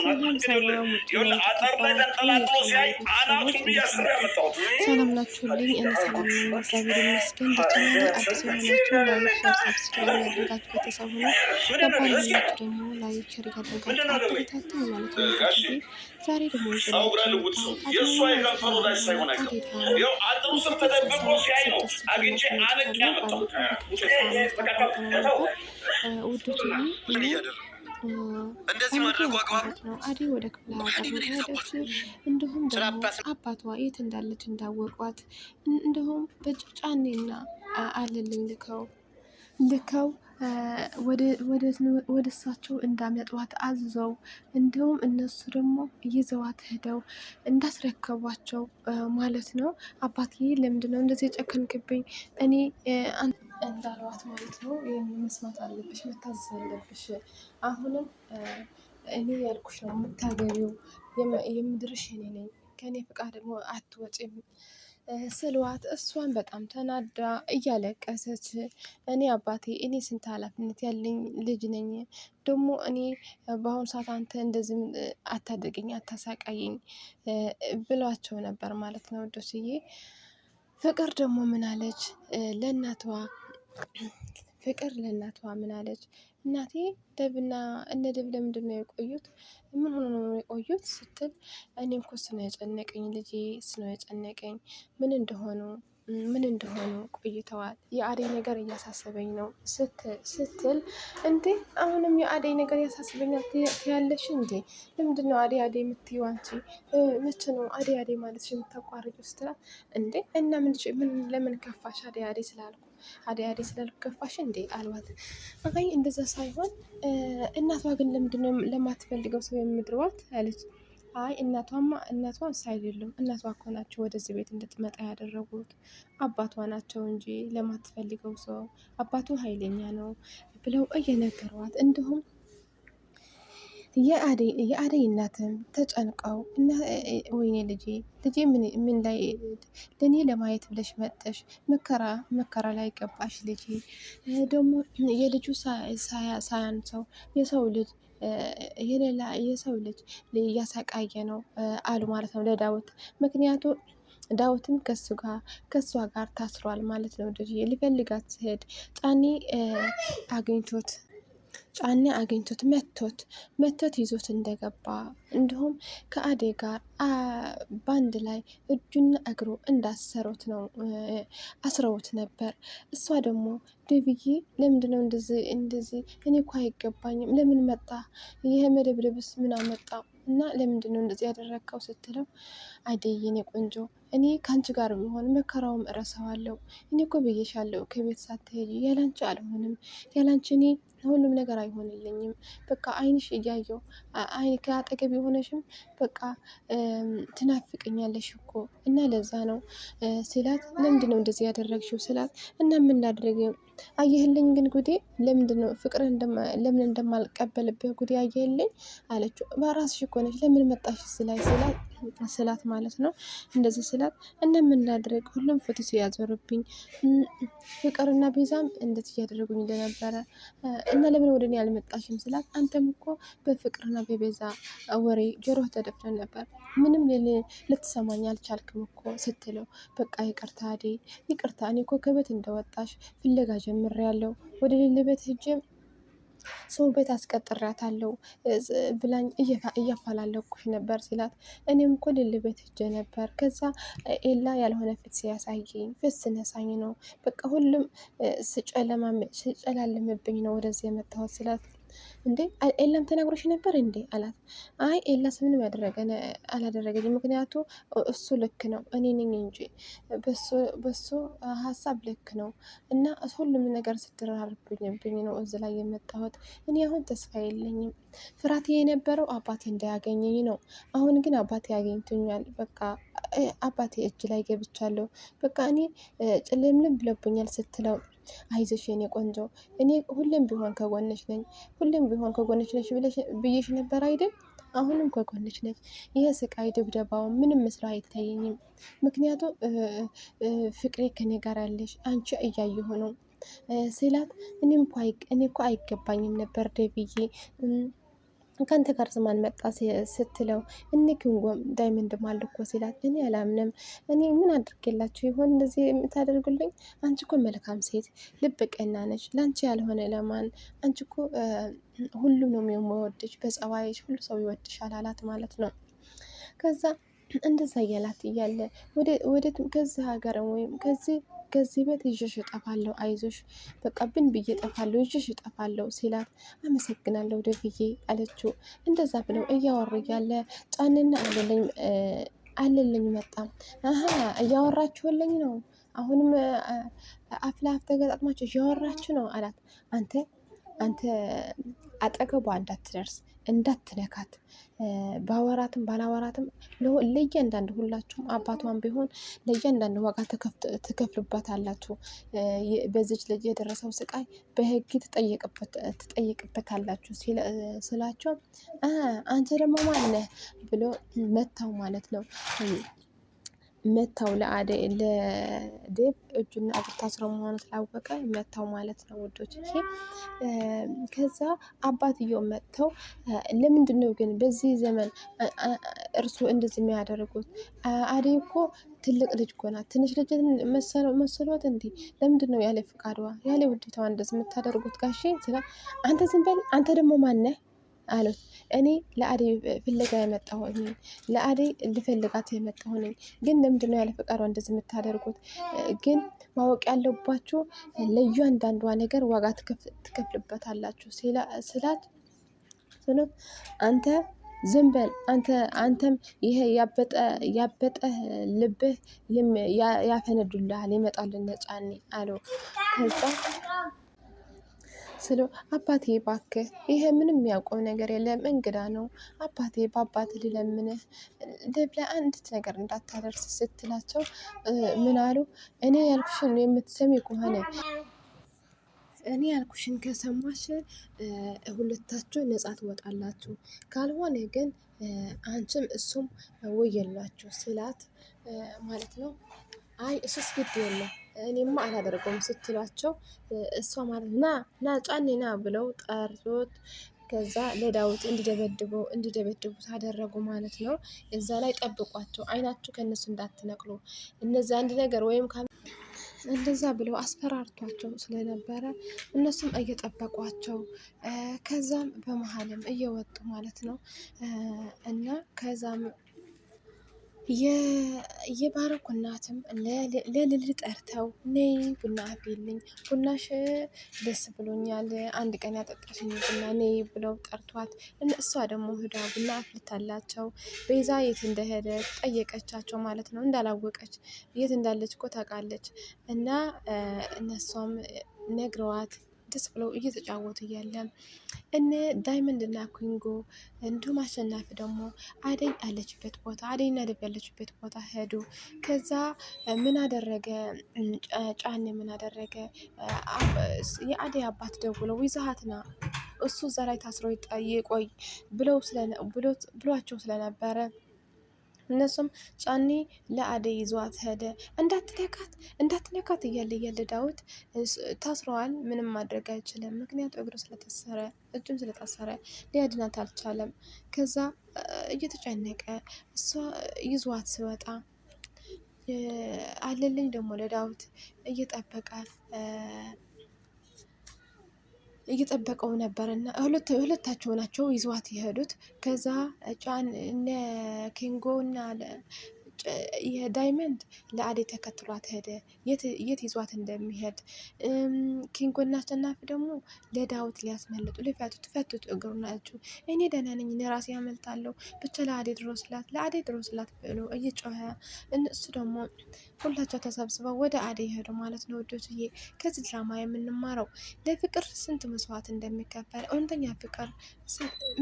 ሰላም ናችሁልኝ? እኔ ሰላም ነኝ፣ እግዚአብሔር ይመስገን። አዲስ የሆናችሁ ላይክ፣ ሰብስክራይብ ያደረጋችሁ ቤተሰብ ሆኖ ነባሪያችሁ ደግሞ ላይክ፣ ሸር እያደረጋችሁ አበረታቱ ማለት ነው። ዛሬ ደግሞ ውዶች እንደዚህ ማድረጉ አግባብ ነው። አደይ ወደ ክፍለ ሀገር መሄዳቸው እንዲሁም ደግሞ አባቷ የት እንዳለች እንዳወቋት እንዲሁም በጭጫኔና አለልኝ ልከው ልከው ወደ እሳቸው እንዳመጧት አዝዘው እንዲሁም እነሱ ደግሞ ይዘዋት ሄደው እንዳስረከቧቸው ማለት ነው። አባቴ ለምንድነው እንደዚህ የጨከንክብኝ? እኔ እንዳልዋት ማለት ነው። ይህ መስማት አለብሽ፣ መታዘዝ አለብሽ። አሁንም እኔ ያልኩሽ ነው የምታገቢው፣ የምድርሽ እኔ ነኝ፣ ከእኔ ፍቃድ ደግሞ አትወጪም ስልዋት እሷን በጣም ተናዳ እያለቀሰች እኔ አባቴ እኔ ስንት ኃላፊነት ያለኝ ልጅ ነኝ ደግሞ እኔ በአሁኑ ሰዓት አንተ እንደዚህ አታድርገኝ፣ አታሳቃየኝ ብሏቸው ነበር ማለት ነው ውዶችዬ። ፍቅር ደግሞ ምናለች ለእናቷ ፍቅር ለእናቷ ምናለች እናቴ ደብና እነ ደብ ለምንድን ነው የቆዩት? ምን ሆኖ ነው የቆዩት ስትል እኔም እኮ እሱ ነው ያጨነቀኝ ልጄ፣ እሱ ያጨነቀኝ። ምን እንደሆኑ ምን እንደሆኑ ቆይተዋል። የአደይ ነገር እያሳሰበኝ ነው ስትል፣ እንዴ አሁንም የአደይ ነገር እያሳስበኛል ትያለሽ እንዴ? ለምንድን ነው አደይ አደይ የምትይው አንቺ? መቼ ነው አደይ አደይ ማለት የምታቋርጭ? ስትላት እንዴ እና ምን ለምን ከፋሽ አደይ አደይ ስላልኩ አደይ አደይ ስለከፋሽ እንዴ አልባት። አይ እንደዛ ሳይሆን እናቷ ግን ለምንድነው ለማትፈልገው ሰው የምድሯት አለች። አይ እናቷማ እናቷ እሳ እናቷ እኮ ናቸው ወደዚህ ቤት እንድትመጣ ያደረጉት አባቷ ናቸው እንጂ ለማትፈልገው ሰው አባቱ ኃይለኛ ነው ብለው እየነገሯት እንዲሁም የአደይ እናትም ተጨንቀው ወይኔ ልጄ ልጄ ምን ላይ ለእኔ ለማየት ብለሽ መጠሽ መከራ መከራ ላይ ገባሽ ልጄ። ደግሞ የልጁ ሰው የሰው ልጅ የሌላ የሰው ልጅ እያሰቃየ ነው አሉ ማለት ነው ለዳዊት ምክንያቱ ዳዊትም ከሱ ጋር ከሷ ጋር ታስሯል ማለት ነው። ልጅ ሊፈልጋት ሲሄድ ጫኒ አግኝቶት ጫኔ አግኝቶት መቶት መቶት ይዞት እንደገባ እንዲሁም ከአዴ ጋር ባንድ ላይ እጁና እግሩ እንዳሰሩት ነው አስረውት ነበር። እሷ ደግሞ ደብዬ ለምንድነው እንደዚህ እንደዚህ እኔ እኮ አይገባኝም ለምን መጣ ይህ መደብደብስ ምን አመጣው እና ለምንድነው እንደዚህ ያደረግከው ስትለው አደይ የኔ ቆንጆ እኔ ከአንቺ ጋር ቢሆን መከራውም እረሳዋለሁ። እኔ እኮ ብዬሻለሁ፣ ከቤት ሳትሄጂ ያላንቺ አልሆንም፣ ያላንቺ እኔ ሁሉም ነገር አይሆንልኝም። በቃ አይንሽ እያየው አይን ከአጠገብ የሆነሽም በቃ ትናፍቅኛለሽ እኮ እና ለዛ ነው ስላት፣ ለምንድን ነው እንደዚህ ያደረግሽው ስላት፣ እና የምናደርግ አየህልኝ ግን ጉዴ፣ ለምንድን ነው ፍቅር ለምን እንደማልቀበልብህ ጉዴ አየህልኝ አለችው። በራስሽ እኮ ነሽ ለምን መጣሽ ስላይ ስላት ስላት ማለት ነው። እንደዚህ ስላት እንደምናደርግ ሁሉም ፎቶ ያዞርብኝ ፍቅርና ቤዛም እንደት እያደረጉኝ እንደነበረ እና ለምን ወደ እኔ አልመጣሽም ስላት አንተም እኮ በፍቅርና በቤዛ ወሬ ጆሮህ ተደፍነ ነበር፣ ምንም ልትሰማኝ አልቻልክም እኮ ስትለው በቃ ይቅርታ አዴ ይቅርታ፣ እኔ እኮ ከቤት እንደወጣሽ ፍለጋ ጀምሬያለሁ ወደ ሌለ ቤት ሂጅም ሰው ቤት አስቀጥሬያታለሁ ብላኝ እያፈላለኩሽ ነበር ሲላት፣ እኔም እኮ ልል ቤት ሄጄ ነበር። ከዛ ኤላ ያልሆነ ፊት ሲያሳየኝ ፊት ስነሳኝ ነው በቃ ሁሉም ስጨለማ ስጨለማምብኝ ነው ወደዚህ የመጣሁት ሲላት እንዴ ኤላም ተናግሮሽ ነበር እንዴ አላት። አይ ኤላስ ምንም ያደረገ አላደረገኝ፣ ምክንያቱ እሱ ልክ ነው እኔ ነኝ እንጂ በሱ ሀሳብ ልክ ነው እና ሁሉም ነገር ስትደራርብብኝ ነው እዚ ላይ የመጣሁት። እኔ አሁን ተስፋ የለኝም። ፍራቴ የነበረው አባቴ እንዳያገኘኝ ነው። አሁን ግን አባቴ ያገኝቶኛል። በቃ አባቴ እጅ ላይ ገብቻለሁ። በቃ እኔ ጭልምልም ብለብኛል ስትለው አይዞሽ የኔ ቆንጆ፣ እኔ ሁሌም ቢሆን ከጎነች ነኝ፣ ሁሌም ቢሆን ከጎነች ነች ብዬሽ ነበር አይደል? አሁንም ከጎነች ነች። ይህ ስቃይ ድብደባው ምንም ምስሉ አይታየኝም፣ ምክንያቱም ፍቅሬ ከኔ ጋር ያለሽ አንቺ እያየሁ ነው ስላት እኔ እኮ አይገባኝም ነበር ደብዬ ከአንተ ጋር ስማን መጣ ስትለው እኔ ኪንጎም ዳይመንድ ማልኮ ሲላት እኔ አላምንም። እኔ ምን አድርጌላችሁ ይሆን እንደዚህ የምታደርጉልኝ? አንቺ እኮ መልካም ሴት፣ ልብ ቀና ነች። ለአንቺ ያልሆነ ለማን? አንቺ እኮ ሁሉም ነው የሚወድሽ፣ በጸባይሽ ሁሉ ሰው ይወድሻል አላት ማለት ነው ከዛ እንደዛ እያላት እያለ ወደ ከዚህ ሀገር ወይም ከዚህ ከዚህ ቤት ይዤሽ እጠፋለሁ፣ አይዞሽ በቃ ብን ብዬ እጠፋለሁ፣ ይዤሽ እጠፋለሁ ሲላት አመሰግናለሁ ደብዬ አለችው። እንደዛ ብለው እያወሩ እያለ ጫንና አለልኝ አለልኝ መጣ። አሀ እያወራችሁልኝ ነው፣ አሁንም አፍ ለአፍ ተገጣጥማችሁ እያወራችሁ ነው አላት። አንተ አንተ አጠገቧ እንዳትደርስ እንዳትነካት ባወራትም ባላወራትም ለእያንዳንድ ሁላችሁም አባቷን ቢሆን ለእያንዳንድ ዋጋ ትከፍልባታላችሁ። በዚች ልጅ የደረሰው ስቃይ በሕግ ትጠይቅበታላችሁ ስላቸው አንተ ደግሞ ማነህ ብሎ መታው ማለት ነው። መታው ለአደይ ለዴብ እጁና እግር ታስሮ መሆኑ ስላወቀ መታው ማለት ነው ውዶች። ይሄ ከዛ አባትየው መጥተው ለምንድን ነው ግን በዚህ ዘመን እርሱ እንደዚህ የሚያደርጉት? አደይ እኮ ትልቅ ልጅ እኮ ናት። ትንሽ ልጅ መሰሎት እንዲ ለምንድን ነው ያለ ፍቃድዋ ያለ ውዴታዋ እንደዚህ የምታደርጉት? ጋሼ አንተ ዝም በል አንተ ደግሞ ማነህ አሉት። እኔ ለአደይ ፍለጋ የመጣሁ ነኝ፣ ለአደይ ልፈልጋት የመጣሁ ነኝ። ግን ለምንድን ያለ ፈቃዷ እንደዚህ የምታደርጉት? ግን ማወቅ ያለባችሁ ለእያንዳንዷ ነገር ዋጋ ትከፍልበታላችሁ ስላት ስኖት አንተ ዝም በል አንተ አንተም ይሄ ያበጠ ልብህ ያፈነዱልሃል፣ ይመጣልን ነጫኔ አለው ከዛ ስለ አባቴ ባክ ይሄ ምንም የሚያውቀው ነገር የለም እንግዳ ነው አባቴ በአባት ልለምንህ ደብለ አንዲት ነገር እንዳታደርስ ስትላቸው ምን አሉ እኔ ያልኩሽን የምትሰሚ ከሆነ እኔ ያልኩሽን ከሰማሽ ሁለታችሁ ነጻ ትወጣላችሁ፣ ካልሆነ ግን አንቺም እሱም ወየላችሁ ስላት ማለት ነው። አይ እሱስ ግድ የለም እኔማ አላደርገውም ስትሏቸው እሷ ማለት ና ና ጫኔ ና ብለው ጠርቶት ከዛ ለዳውት እንዲደበድቡ እንዲደበድቡ ታደረጉ ማለት ነው። እዛ ላይ ጠብቋቸው፣ አይናችሁ ከእነሱ እንዳትነቅሉ እነዚ አንድ ነገር ወይም እንደዛ ብለው አስፈራርቷቸው ስለነበረ እነሱም እየጠበቋቸው ከዛም በመሀልም እየወጡ ማለት ነው እና ከዛም የባሮክ እናትም ለልል ጠርተው ነይ ቡና አፍይልኝ፣ ቡናሽ ደስ ብሎኛል፣ አንድ ቀን ያጠጣሽኝ ቡና ነይ ብለው ጠርቷት፣ እሷ ደግሞ ሂዳ ቡና አፍልታላቸው ቤዛ የት እንደሄደ ጠየቀቻቸው ማለት ነው። እንዳላወቀች የት እንዳለች እኮ ታውቃለች። እና እነሷም ነግረዋት ደስ ብለው እየተጫወቱ እያለ እነ ዳይመንድ እና ኩንጎ እንዲሁም አሸናፊ ደግሞ አደይ ያለችበት ቦታ አደይና ደብ ያለችበት ቦታ ሄዱ። ከዛ ምን አደረገ ጫኔ ምን አደረገ? የአደይ አባት ደውለው ይዛሃትና እሱ እዛ ላይ ታስሮ ይቆይ ብሏቸው ስለነበረ እነሱም ጫኒ ለአደይ ይዟት ሄደ። እንዳትነካት እንዳትነካት እያለ እያለ ዳዊት ታስረዋል። ምንም ማድረግ አይችልም፣ ምክንያቱ እግሩ ስለተሰረ እጁም ስለታሰረ ሊያድናት አልቻለም። ከዛ እየተጨነቀ እሷ ይዟት ስወጣ አለልኝ ደግሞ ለዳዊት እየጠበቀ እየጠበቀው ነበር እና ሁለታቸው ናቸው ይዘዋት የሄዱት። ከዛ ጫን እነ ኪንጎ እና ዳይመንድ ለአዴ ተከትሏት ሄደ። የት ይዟት እንደሚሄድ ኪንጎና አሸናፊ ደግሞ ለዳውት ሊያስመልጡ ሊፈቱት ፈቱት እግሩ ናቸው። እኔ ደህና ነኝ ለራሴ ያመልጣለሁ ብቻ ለአዴ ድረሱላት፣ ለአዴ ድረሱላት ብሎ እየጮኸ እሱ ደግሞ ሁላቸው ተሰብስበው ወደ አዴ ይሄዱ ማለት ነው። ውዶችዬ ከዚህ ድራማ የምንማረው ለፍቅር ስንት መስዋዕት እንደሚከፈል እውነተኛ ፍቅር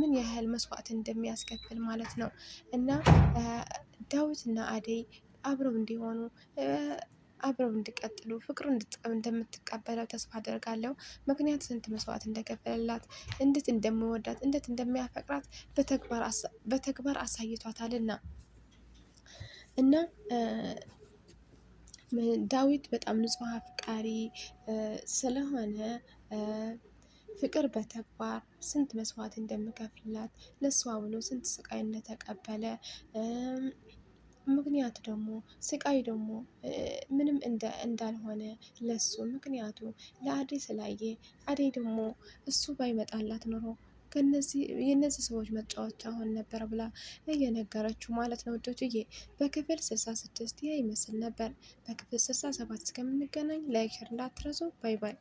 ምን ያህል መስዋዕት እንደሚያስከፍል ማለት ነው እና ዳዊትና አደይ አብረው እንዲሆኑ አብረው እንዲቀጥሉ ፍቅሩን እንደምትቀበለው ተስፋ አደርጋለሁ። ምክንያት ስንት መስዋዕት እንደከፈለላት እንዴት እንደሚወዳት እንዴት እንደሚያፈቅራት በተግባር አሳይቷታልና እና ዳዊት በጣም ንጹሕ አፍቃሪ ስለሆነ ፍቅር በተግባር ስንት መስዋዕት እንደምከፍልላት ለእሷ ብሎ ስንት ስቃይ እንደተቀበለ ምክንያቱ ደግሞ ስቃይ ደግሞ ምንም እንዳልሆነ ለሱ ምክንያቱ ለአዴ ስላየ አዴ ደግሞ እሱ ባይመጣላት ኖሮ የእነዚህ ሰዎች መጫወቻ አሁን ነበር ብላ እየነገረችው ማለት ነው። ውዶችዬ በክፍል 66 ይህ ይመስል ነበር። በክፍል ሰባት እስከምንገናኝ ላይክ፣ ሸር እንዳትረሱ። ባይ ባይ።